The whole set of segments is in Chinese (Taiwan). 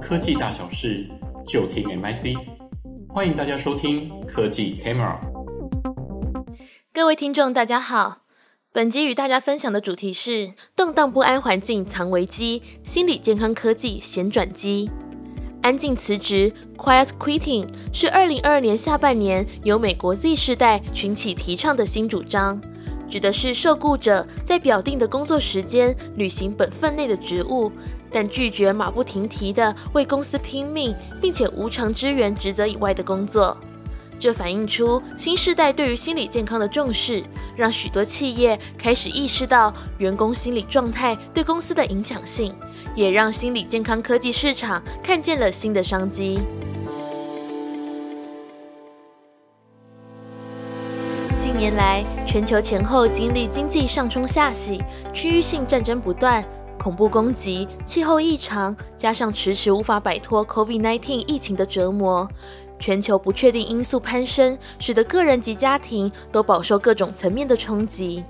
科技大小事，就聽 M I C。歡迎大家收聽科技通開外掛。各位聽眾，大家好。本集與大家分享的主題是動盪不安環境藏危機，心理健康科技顯轉機。安靜辭職 （Quiet Quitting） 是二零二二年下半年由美國 Z 世代群起提倡的新主張，指的是受僱者在表定的工作時間履行本份內的職務。但拒絕馬不停蹄地為公司拼命，並且無償支援職責以外的工作，這反映出新世代對於心理健康的重視，讓許多企業開始意識到員工心理狀態對公司的影響性，也讓心理健康科技市場看見了新的商機。近年來，全球前後經歷經濟上沖下洗，區域性戰爭不斷。恐怖攻擊、氣候異常，加上遲遲無法擺脫 COVID-19 疫情的折磨，全球不確定因素攀升，使得個人及家庭都飽受各種層面的衝擊。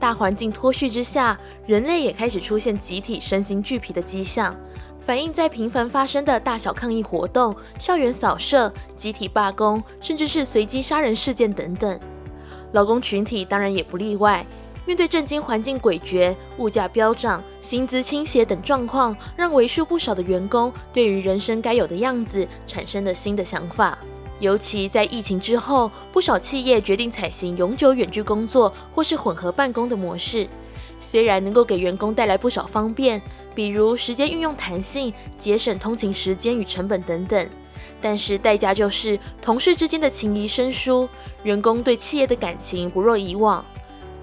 大環境脫序之下，人類也開始出現集體身心俱疲的跡象，反映在頻繁發生的大小抗議活動、校園掃射、集體罷工，甚至是隨機殺人事件等等。勞工群體當然也不例外。面對政經環境詭譎、物價飆漲、薪資傾斜等狀況，讓為數不少的員工對於人生該有的樣子產生了新的想法。尤其在疫情之後，不少企業決定採行永久遠距工作或是混合辦公的模式，雖然能夠給員工帶來不少方便，比如時間運用彈性、節省通勤時間與成本等等，但是代價就是同事之間的情誼生疏，員工對企業的感情不若以往。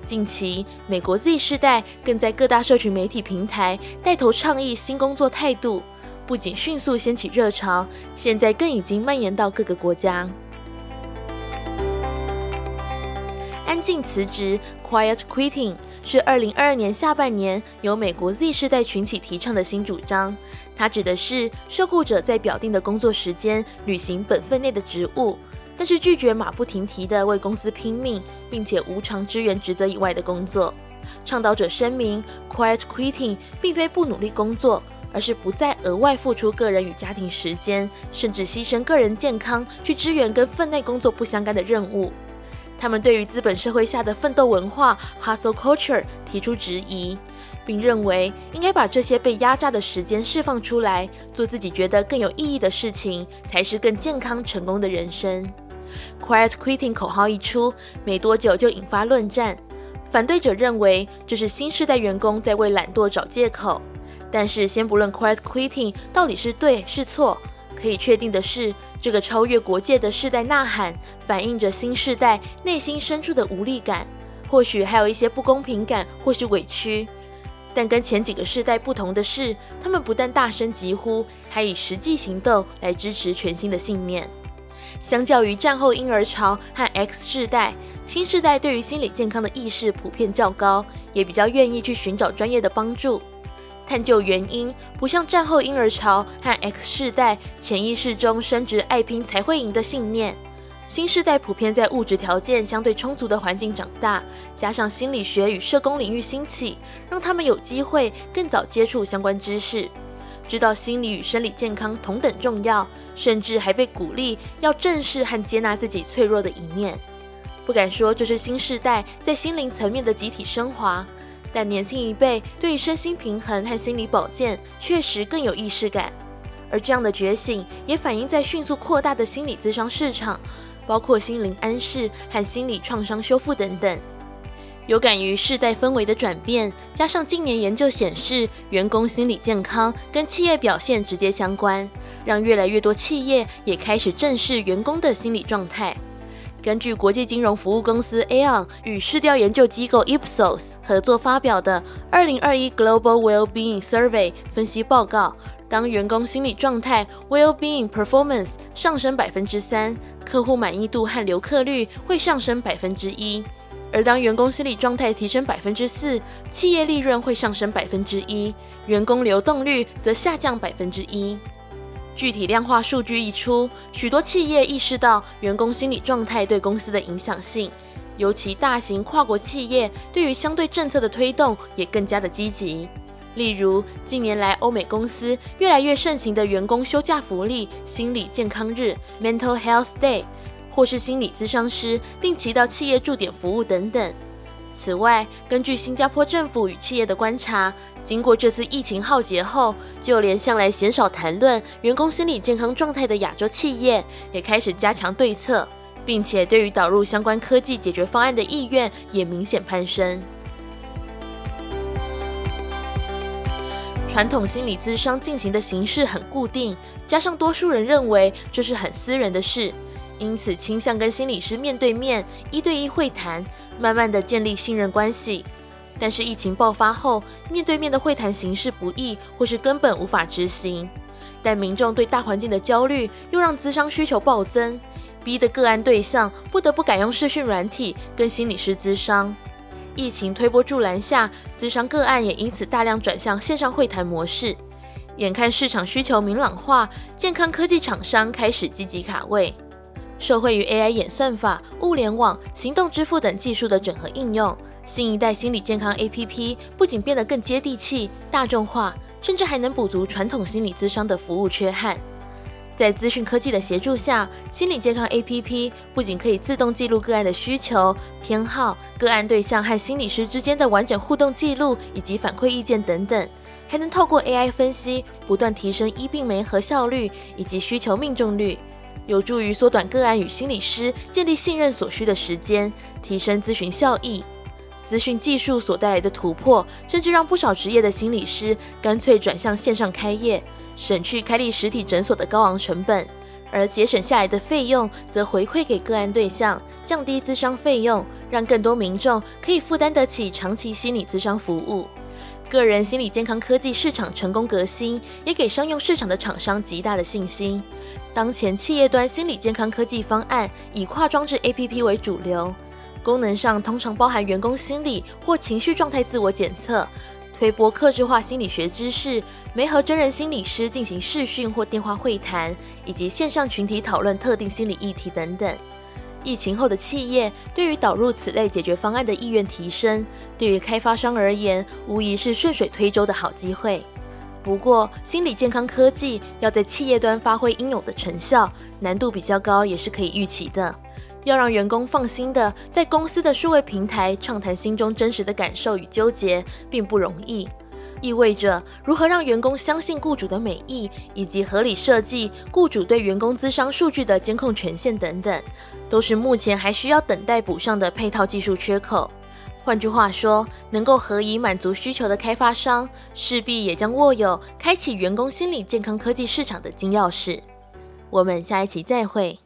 近期，美國 Z 世代更在各大社群媒體平台帶頭倡議新工作態度，不僅迅速掀起熱潮，現在更已經蔓延到各個國家。安靜辭職 （Quiet Quitting） 是2022年下半年由美國 Z 世代群起提倡的新主張，它指的是受僱者在表定的工作時間履行本分內的職務。但是拒絕馬不停蹄地為公司拼命，並且無償支援職責以外的工作。倡導者聲明，Quiet Quitting 並非不努力工作，而是不再額外付出個人與家庭時間，甚至犧牲個人健康去支援跟分內工作不相干的任務。他們對於資本社會下的奮鬥文化 （Hustle Culture） 提出質疑，並認為應該把這些被壓榨的時間釋放出來，做自己覺得更有意義的事情，才是更健康、成功的人生。Quiet quitting 口號一出，沒多久就引發論戰。反對者認為這是新世代員工在為懶惰找借口。但是，先不論 Quiet quitting 到底是對是錯，可以確定的是，這個超越國界的世代吶喊，反映着新世代內心深處的無力感，或許還有一些不公平感，或許委屈。但跟前幾個世代不同的是，他們不但大聲疾呼，還以實際行動來支持全新的信念。相較於戰後嬰兒潮和 X 世代，新世代對於心理健康的意識普遍較高，也比較願意去尋找專業的幫助。探究原因，不像戰後嬰兒潮和 X 世代，潛意識中深植“愛拼才會贏”的信念。新世代普遍在物質條件相對充足的環境長大，加上心理學與社工領域興起，讓他們有機會更早接觸相關知識。知道心理與生理健康同等重要，甚至還被鼓勵要正視和接納自己脆弱的一面。不敢說這是新世代在心靈層面的集體升華，但年輕一輩對於身心平衡和心理保健確實更有意識感。而這樣的覺醒也反映在迅速擴大的心理諮商市場，包括心靈安適和心理創傷修復等等。有感於世代氛圍的轉變，加上近年研究顯示，員工心理健康跟企業表現直接相關，讓越來越多企業也開始正視員工的心理狀態。根據國際金融服務公司 Aon 與市調研究機構 Ipsos 合作發表的2021 Global Wellbeing Survey 分析報告，當員工心理狀態 Wellbeing Performance 上升百分之三，客戶滿意度和留客率會上升百分之一。而當員工心理狀態提升百分之四，企業利潤會上升百分之一，員工流動率則下降百分之一。具體量化數據一出，許多企業意識到員工心理狀態對公司的影響性，尤其大型跨國企業對於相對政策的推動也更加的積極。例如，近年來歐美公司越來越盛行的員工休假福利、心理健康日 （Mental Health Day）。或是心理諮商師定期到企業駐點服務等等。此外，根據新加坡政府與企業的觀察，經過這次疫情浩劫後，就連向來鮮少談論員工心理健康狀態的亞洲企業，也開始加強對策，並且對於導入相關科技解決方案的意願也明顯攀升。傳統心理諮商進行的形式很固定，加上多數人認為這是很私人的事。因此，傾向跟心理師面對面一對一會談，慢慢地建立信任關係。但是，疫情爆發後，面對面的會談形式不易，或是根本無法執行。但民眾對大環境的焦慮，又讓諮商需求暴增，逼得個案對象不得不改用視訊軟體跟心理師諮商。疫情推波助瀾下，諮商個案也因此大量轉向線上會談模式。眼看市場需求明朗化，健康科技廠商開始積極卡位。受惠於 AI 演算法、物聯網、行動支付等技術的整合應用，新一代心理健康 APP 不僅變得更接地氣、大眾化，甚至還能補足傳統心理諮商的服務缺憾。在資訊科技的協助下，心理健康 APP 不僅可以自動記錄個案的需求、偏好、個案對象和心理師之間的完整互動記錄以及反饋意見等等，還能透過 AI 分析，不斷提升醫病媒合效率以及需求命中率。有助於縮短個案與心理師建立信任所需的時間，提升諮詢效益。諮詢技術所帶來的突破，甚至讓不少職業的心理師乾脆轉向線上開業，省去開立實體診所的高昂成本。而節省下來的費用，則回饋給個案對象，降低諮商費用，讓更多民眾可以負擔得起長期心理諮商服務。個人心理健康科技市場成功革新，也給商用市場的廠商極大的信心。當前企業端心理健康科技方案以跨裝置 APP 為主流，功能上通常包含員工心理或情緒狀態自我檢測、推播客製化心理學知識、媒合真人心理師進行視訊或電話會談，以及線上群體討論特定心理議題等等。疫情後的企業對於導入此類解決方案的意願提升，對於開發商而言無疑是順水推舟的好機會。不過，心理健康科技要在企業端發揮應有的成效，難度比較高也是可以預期的。要讓員工放心的在公司的數位平台暢談心中真實的感受與糾結，並不容易。意味着如何讓員工相信僱主的美意，以及合理設計僱主對員工資商數據的監控權限等等，都是目前還需要等待補上的配套技術缺口。換句話說，能夠合宜滿足需求的開發商，勢必也將握有開啟員工心理健康科技市場的金鑰匙。我們下一期再會。